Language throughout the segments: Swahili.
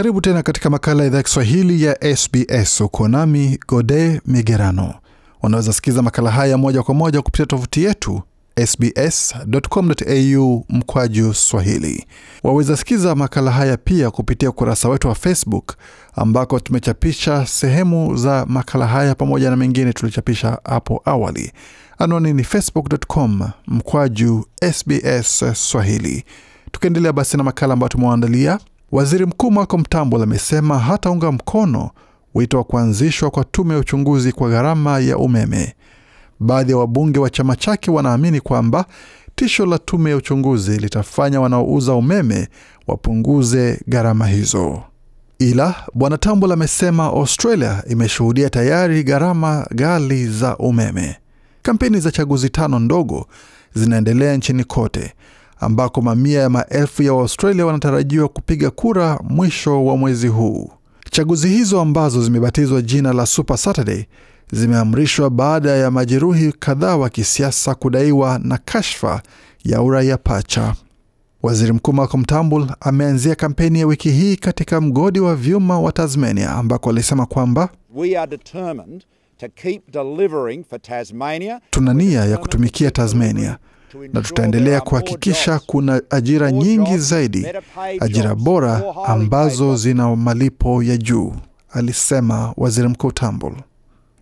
Karibu tena katika makala ya idhaa ya Kiswahili ya SBS. Uko nami Gode Migerano. Unaweza sikiza makala haya moja kwa moja kupitia tovuti yetu sbs.com.au mkwaju swahili. Waweza sikiza makala haya pia kupitia ukurasa wetu wa Facebook ambako tumechapisha sehemu za makala haya pamoja na mengine tulichapisha hapo awali. Anwani ni facebook.com mkwaju sbs swahili. Tukiendelea basi na makala ambayo tumewaandalia Waziri Mkuu Malcolm Turnbull amesema hataunga mkono wito wa kuanzishwa kwa tume ya uchunguzi kwa gharama ya umeme. Baadhi ya wabunge wa chama chake wanaamini kwamba tisho la tume ya uchunguzi litafanya wanaouza umeme wapunguze gharama hizo. Ila bwana Turnbull amesema Australia imeshuhudia tayari gharama ghali za umeme. Kampeni za chaguzi tano ndogo zinaendelea nchini kote ambako mamia ya maelfu ya Waustralia wanatarajiwa kupiga kura mwisho wa mwezi huu. Chaguzi hizo ambazo zimebatizwa jina la Super Saturday zimeamrishwa baada ya majeruhi kadhaa wa kisiasa kudaiwa na kashfa ya uraia pacha. Waziri Mkuu Malcolm Turnbull ameanzia kampeni ya wiki hii katika mgodi wa vyuma wa Tasmania ambako alisema kwamba tuna nia ya kutumikia Tasmania na tutaendelea kuhakikisha kuna ajira nyingi zaidi, ajira bora ambazo zina malipo ya juu, alisema Waziri Mkuu tambul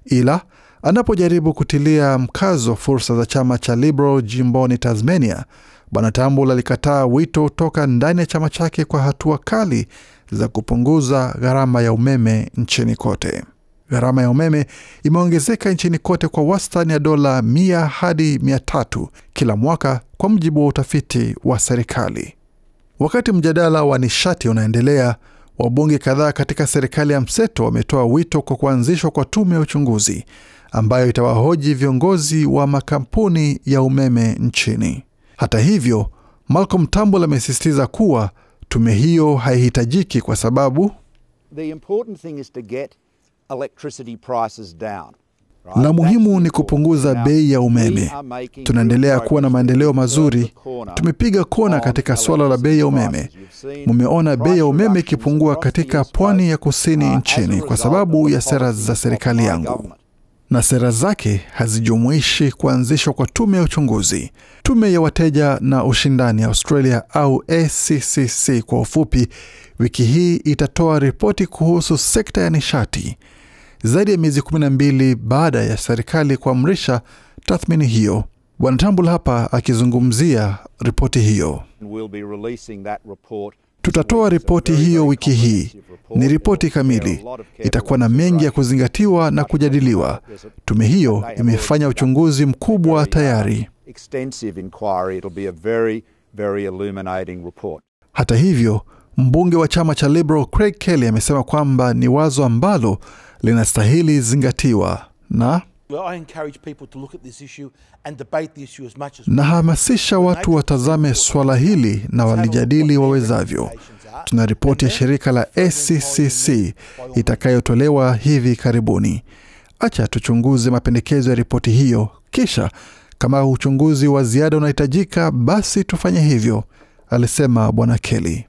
Ila anapojaribu kutilia mkazo fursa za chama cha Liberal jimboni Tasmania, Bwana tambul alikataa wito toka ndani ya chama chake kwa hatua kali za kupunguza gharama ya umeme nchini kote. Gharama ya umeme imeongezeka nchini kote kwa wastani ya dola mia hadi mia tatu kila mwaka kwa mujibu wa utafiti wa serikali. Wakati mjadala wa nishati unaendelea, wabunge kadhaa katika serikali ya mseto wametoa wito kwa kuanzishwa kwa tume ya uchunguzi ambayo itawahoji viongozi wa makampuni ya umeme nchini. Hata hivyo, Malcolm Turnbull amesisitiza kuwa tume hiyo haihitajiki kwa sababu The na muhimu ni kupunguza bei ya umeme. Tunaendelea kuwa na maendeleo mazuri, tumepiga kona katika suala la bei ya umeme. Mumeona bei ya umeme ikipungua katika pwani ya kusini uh, nchini kwa sababu ya sera za serikali yangu, na sera zake hazijumuishi kuanzishwa kwa tume ya uchunguzi, tume ya wateja na ushindani Australia au ACCC kwa ufupi, wiki hii itatoa ripoti kuhusu sekta ya nishati zaidi ya miezi 12 baada ya serikali kuamrisha tathmini hiyo. Bwana hapa akizungumzia ripoti hiyo. Tutatoa ripoti hiyo wiki hii. Ni ripoti kamili, itakuwa na mengi ya kuzingatiwa na kujadiliwa. Tume hiyo imefanya uchunguzi mkubwa tayari. Hata hivyo, mbunge wa chama cha Liberal Craig Kelly amesema kwamba ni wazo ambalo linastahili zingatiwa na nahamasisha watu watazame swala hili na walijadili wawezavyo. Tuna ripoti ya shirika la ACCC itakayotolewa hivi karibuni. Acha tuchunguze mapendekezo ya ripoti hiyo, kisha kama uchunguzi wa ziada unahitajika, basi tufanye hivyo, alisema Bwana Kelly.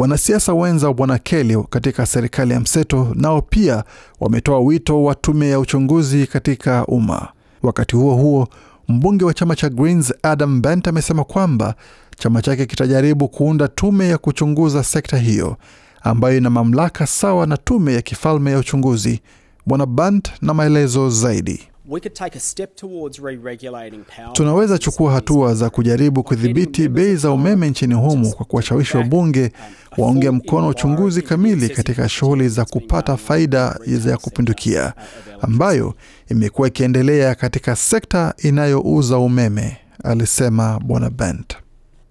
Wanasiasa wenza wa bwana Kelly katika serikali ya mseto nao pia wametoa wito wa tume ya uchunguzi katika umma. Wakati huo huo, mbunge wa chama cha Greens Adam Bent amesema kwamba chama chake kitajaribu kuunda tume ya kuchunguza sekta hiyo ambayo ina mamlaka sawa na tume ya kifalme ya uchunguzi. Bwana Bant na maelezo zaidi. Tunaweza chukua hatua za kujaribu kudhibiti bei za umeme nchini humo kwa kuwashawishi wabunge waunge mkono uchunguzi kamili katika shughuli za kupata faida ya kupindukia ambayo imekuwa ikiendelea katika sekta inayouza umeme, alisema Bwana Bent.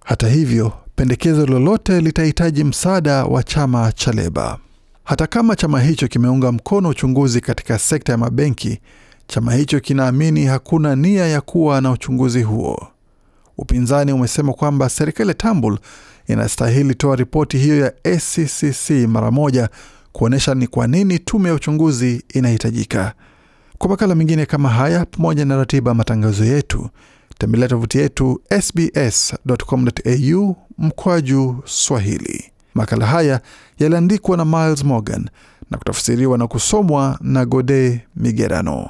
Hata hivyo, pendekezo lolote litahitaji msaada wa chama cha Leba. Hata kama chama hicho kimeunga mkono uchunguzi katika sekta ya mabenki Chama hicho kinaamini hakuna nia ya kuwa na uchunguzi huo. Upinzani umesema kwamba serikali ya Tambul inastahili toa ripoti hiyo ya ACCC mara moja kuonyesha ni kwa nini tume ya uchunguzi inahitajika. Kwa makala mengine kama haya, pamoja na ratiba matangazo yetu, tembelea tovuti yetu sbs.com.au mkwaju Swahili. Makala haya yaliandikwa na Miles Morgan na kutafsiriwa na kusomwa na Gode Migerano.